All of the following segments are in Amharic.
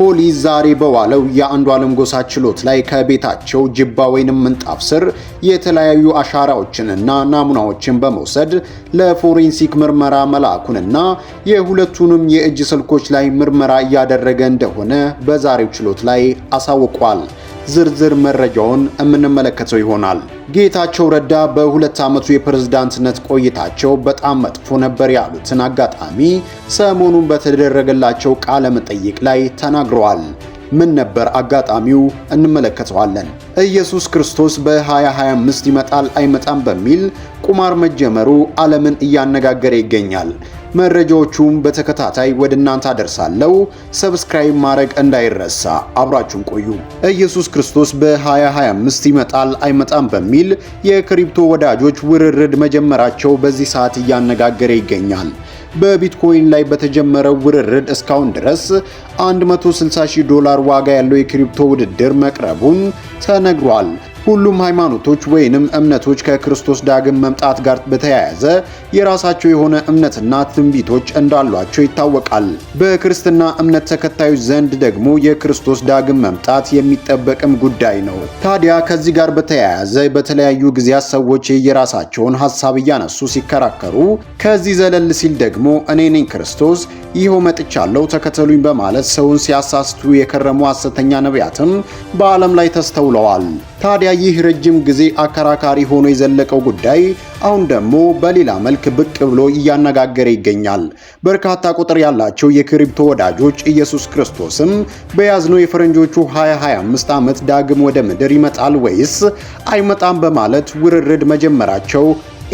ፖሊስ ዛሬ በዋለው ዓለም ጎሳ ችሎት ላይ ከቤታቸው ጅባ ወይንም ምንጣፍ ስር የተለያዩ አሻራዎችንና ናሙናዎችን በመውሰድ ለፎሬንሲክ ምርመራ መላኩንና የሁለቱንም የእጅ ስልኮች ላይ ምርመራ እያደረገ እንደሆነ በዛሬው ችሎት ላይ አሳውቋል። ዝርዝር መረጃውን የምንመለከተው ይሆናል። ጌታቸው ረዳ በሁለት ዓመቱ የፕሬዝዳንትነት ቆይታቸው በጣም መጥፎ ነበር ያሉትን አጋጣሚ ሰሞኑን በተደረገላቸው ቃለ መጠይቅ ላይ ተናግረዋል። ምን ነበር አጋጣሚው? እንመለከተዋለን። ኢየሱስ ክርስቶስ በ2025 ይመጣል አይመጣም በሚል ቁማር መጀመሩ ዓለምን እያነጋገረ ይገኛል። መረጃዎቹም በተከታታይ ወደ እናንተ አደርሳለሁ። ሰብስክራይብ ማድረግ እንዳይረሳ፣ አብራችሁን ቆዩ። ኢየሱስ ክርስቶስ በ2025 ይመጣል አይመጣም በሚል የክሪፕቶ ወዳጆች ውርርድ መጀመራቸው በዚህ ሰዓት እያነጋገረ ይገኛል። በቢትኮይን ላይ በተጀመረው ውርርድ እስካሁን ድረስ 160 ሺህ ዶላር ዋጋ ያለው የክሪፕቶ ውድድር መቅረቡን ተነግሯል። ሁሉም ሃይማኖቶች ወይንም እምነቶች ከክርስቶስ ዳግም መምጣት ጋር በተያያዘ የራሳቸው የሆነ እምነትና ትንቢቶች እንዳሏቸው ይታወቃል። በክርስትና እምነት ተከታዮች ዘንድ ደግሞ የክርስቶስ ዳግም መምጣት የሚጠበቅም ጉዳይ ነው። ታዲያ ከዚህ ጋር በተያያዘ በተለያዩ ጊዜያት ሰዎች የራሳቸውን ሀሳብ እያነሱ ሲከራከሩ፣ ከዚህ ዘለል ሲል ደግሞ እኔ ነኝ ክርስቶስ ይኸው መጥቻለሁ ተከተሉኝ በማለት ሰውን ሲያሳስቱ የከረሙ ሐሰተኛ ነቢያትም በዓለም ላይ ተስተውለዋል። ታዲያ ይህ ረጅም ጊዜ አከራካሪ ሆኖ የዘለቀው ጉዳይ አሁን ደግሞ በሌላ መልክ ብቅ ብሎ እያነጋገረ ይገኛል። በርካታ ቁጥር ያላቸው የክሪፕቶ ወዳጆች ኢየሱስ ክርስቶስም በያዝነው የፈረንጆቹ 2025 ዓመት ዳግም ወደ ምድር ይመጣል ወይስ አይመጣም በማለት ውርርድ መጀመራቸው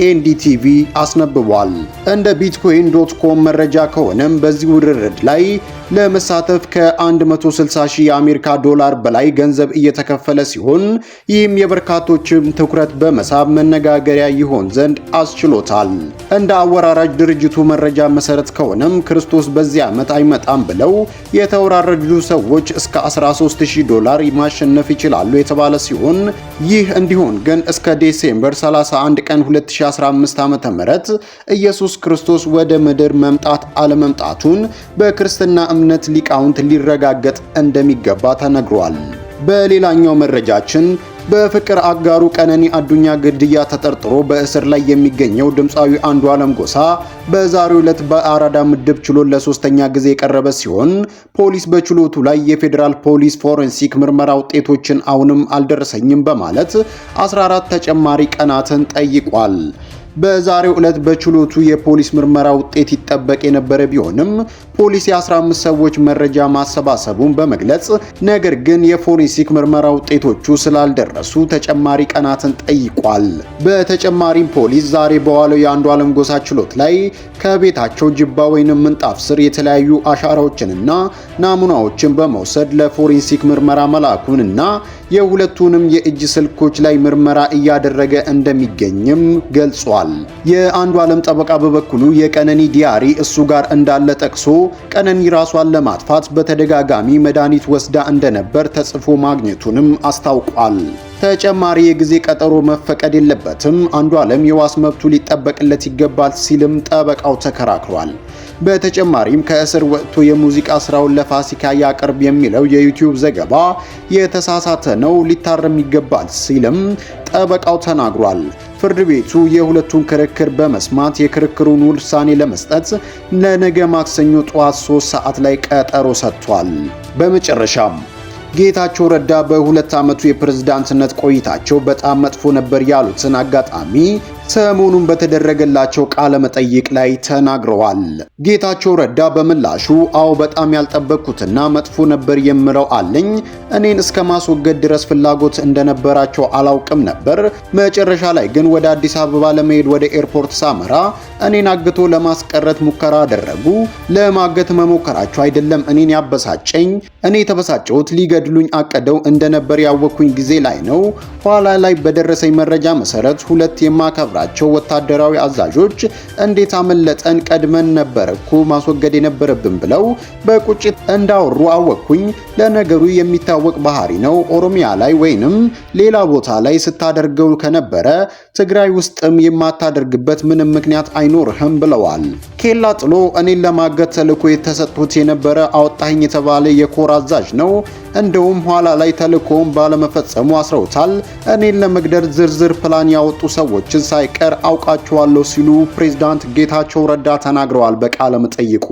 ኤንዲቲቪ አስነብቧል። እንደ ቢትኮይን ዶት ኮም መረጃ ከሆነም በዚህ ውርርድ ላይ ለመሳተፍ ከ160 ሺህ የአሜሪካ ዶላር በላይ ገንዘብ እየተከፈለ ሲሆን ይህም የበርካቶችም ትኩረት በመሳብ መነጋገሪያ ይሆን ዘንድ አስችሎታል። እንደ አወራራጅ ድርጅቱ መረጃ መሰረት ከሆነም ክርስቶስ በዚህ ዓመት አይመጣም ብለው የተወራረዱ ሰዎች እስከ 130 ዶላር ማሸነፍ ይችላሉ የተባለ ሲሆን ይህ እንዲሆን ግን እስከ ዴሴምበር 31 ቀን 20 2015 ዓ.ም ኢየሱስ ክርስቶስ ወደ ምድር መምጣት አለመምጣቱን በክርስትና እምነት ሊቃውንት ሊረጋገጥ እንደሚገባ ተነግሯል። በሌላኛው መረጃችን በፍቅር አጋሩ ቀነኒ አዱኛ ግድያ ተጠርጥሮ በእስር ላይ የሚገኘው ድምፃዊ አንዱ አለም ጎሳ በዛሬው ዕለት በአራዳ ምድብ ችሎት ለሶስተኛ ጊዜ የቀረበ ሲሆን ፖሊስ በችሎቱ ላይ የፌዴራል ፖሊስ ፎረንሲክ ምርመራ ውጤቶችን አሁንም አልደረሰኝም በማለት 14 ተጨማሪ ቀናትን ጠይቋል። በዛሬው ዕለት በችሎቱ የፖሊስ ምርመራ ውጤት ይጠበቅ የነበረ ቢሆንም ፖሊስ የ15 ሰዎች መረጃ ማሰባሰቡን በመግለጽ ነገር ግን የፎሬንሲክ ምርመራ ውጤቶቹ ስላልደረሱ ተጨማሪ ቀናትን ጠይቋል። በተጨማሪም ፖሊስ ዛሬ በዋለው የአንዱ ዓለም ጎሳ ችሎት ላይ ከቤታቸው ጅባ ወይንም ምንጣፍ ስር የተለያዩ አሻራዎችንና ናሙናዎችን በመውሰድ ለፎሬንሲክ ምርመራ መላኩንና የሁለቱንም የእጅ ስልኮች ላይ ምርመራ እያደረገ እንደሚገኝም ገልጿል። የአንዱ ዓለም ጠበቃ በበኩሉ የቀነኒ ዲያሪ እሱ ጋር እንዳለ ጠቅሶ ቀነኒ ራሷን ለማጥፋት በተደጋጋሚ መድኃኒት ወስዳ እንደነበር ተጽፎ ማግኘቱንም አስታውቋል። ተጨማሪ የጊዜ ቀጠሮ መፈቀድ የለበትም፣ አንዱ ዓለም የዋስ መብቱ ሊጠበቅለት ይገባል ሲልም ጠበቃው ተከራክሯል። በተጨማሪም ከእስር ወጥቶ የሙዚቃ ስራውን ለፋሲካ ያቅርብ የሚለው የዩቲዩብ ዘገባ የተሳሳተ ነው፣ ሊታረም ይገባል ሲልም ጠበቃው ተናግሯል። ፍርድ ቤቱ የሁለቱን ክርክር በመስማት የክርክሩን ውሳኔ ለመስጠት ለነገ ማክሰኞ ጠዋት 3 ሰዓት ላይ ቀጠሮ ሰጥቷል። በመጨረሻም ጌታቸው ረዳ በሁለት ዓመቱ የፕሬዝዳንትነት ቆይታቸው በጣም መጥፎ ነበር ያሉትን አጋጣሚ ሰሞኑን በተደረገላቸው ቃለ መጠይቅ ላይ ተናግረዋል። ጌታቸው ረዳ በምላሹ አዎ በጣም ያልጠበቅኩትና መጥፎ ነበር የምለው አለኝ። እኔን እስከ ማስወገድ ድረስ ፍላጎት እንደነበራቸው አላውቅም ነበር። መጨረሻ ላይ ግን ወደ አዲስ አበባ ለመሄድ ወደ ኤርፖርት ሳመራ እኔን አግቶ ለማስቀረት ሙከራ አደረጉ። ለማገት መሞከራቸው አይደለም እኔን ያበሳጨኝ እኔ የተበሳጨሁት ሊገድሉኝ አቀደው እንደነበር ያወቅኩኝ ጊዜ ላይ ነው። ኋላ ላይ በደረሰኝ መረጃ መሰረት ሁለት የማከብራቸው ወታደራዊ አዛዦች እንዴት አመለጠን፣ ቀድመን ነበር እኮ ማስወገድ የነበረብን ብለው በቁጭት እንዳወሩ አወቅኩኝ። ለነገሩ የሚታወቅ ባህሪ ነው። ኦሮሚያ ላይ ወይንም ሌላ ቦታ ላይ ስታደርገው ከነበረ ትግራይ ውስጥም የማታደርግበት ምንም ምክንያት አይኖርህም ብለዋል። ኬላ ጥሎ እኔን ለማገት ተልዕኮ የተሰጡት የነበረ አወጣኝ የተባለ የኮራ አዛዥ ነው። እንደውም ኋላ ላይ ተልእኮውን ባለመፈጸሙ አስረውታል። እኔን ለመግደር ዝርዝር ፕላን ያወጡ ሰዎችን ሳይቀር አውቃቸዋለሁ ሲሉ ፕሬዝዳንት ጌታቸው ረዳ ተናግረዋል በቃለ መጠይቁ።